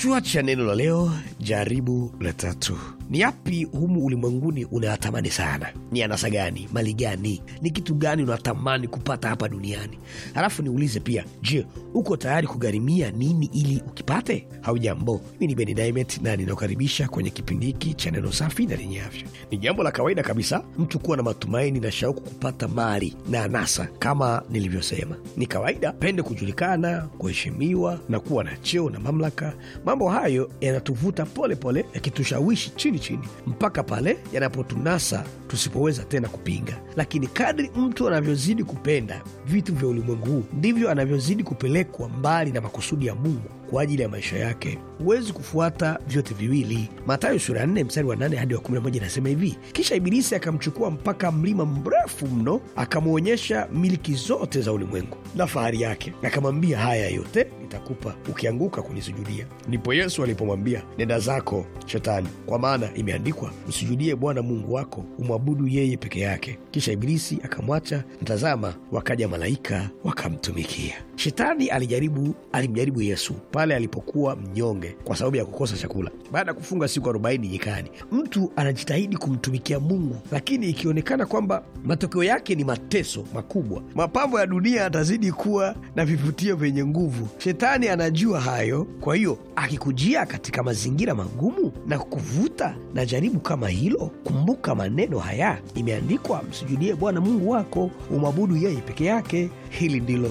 Kichwa cha neno la leo, jaribu la tatu. Ni yapi humu ulimwenguni unayatamani sana? Ni anasa gani? Mali gani? Ni kitu gani unatamani kupata hapa duniani? Halafu niulize pia, je, uko tayari kugharimia nini ili ukipate? Haujambo, mimi ni Beni Dimet na ninakukaribisha kwenye kipindi hiki cha neno safi na lenye afya. Ni jambo la kawaida kabisa mtu kuwa na matumaini na shauku kupata mali na anasa. Kama nilivyosema, ni kawaida pende kujulikana, kuheshimiwa na kuwa na cheo na mamlaka. Mambo hayo yanatuvuta polepole, yakitushawishi chini chini mpaka pale yanapotunasa tusipoweza tena kupinga. Lakini kadri mtu anavyozidi kupenda vitu vya ulimwengu huu ndivyo anavyozidi kupelekwa mbali na makusudi ya Mungu kwa ajili ya maisha yake. Huwezi kufuata vyote viwili. Mathayo sura ya 4 mstari wa 8 hadi wa 11 inasema hivi: kisha Ibilisi akamchukua mpaka mlima mrefu mno, akamwonyesha miliki zote za ulimwengu na fahari yake, akamwambia, haya yote nitakupa ukianguka kunisujudia. Ndipo Yesu alipomwambia, nenda zako Shetani, kwa maana imeandikwa, msujudie Bwana Mungu wako, umwabudu yeye peke yake. Kisha Ibilisi akamwacha. Mtazama, wakaja malaika wakamtumikia. Shetani alijaribu alimjaribu Yesu pale alipokuwa mnyonge kwa sababu ya kukosa chakula. Baada ya kufunga siku arobaini nyikani, mtu anajitahidi kumtumikia Mungu, lakini ikionekana kwamba matokeo yake ni mateso makubwa, mapambo ya dunia atazidi kuwa na vivutio vyenye nguvu. Shetani anajua hayo, kwa hiyo akikujia katika mazingira magumu na kukuvuta na jaribu kama hilo, kumbuka maneno haya, imeandikwa, msujudie Bwana Mungu wako, umwabudu yeye peke yake. Hili ndilo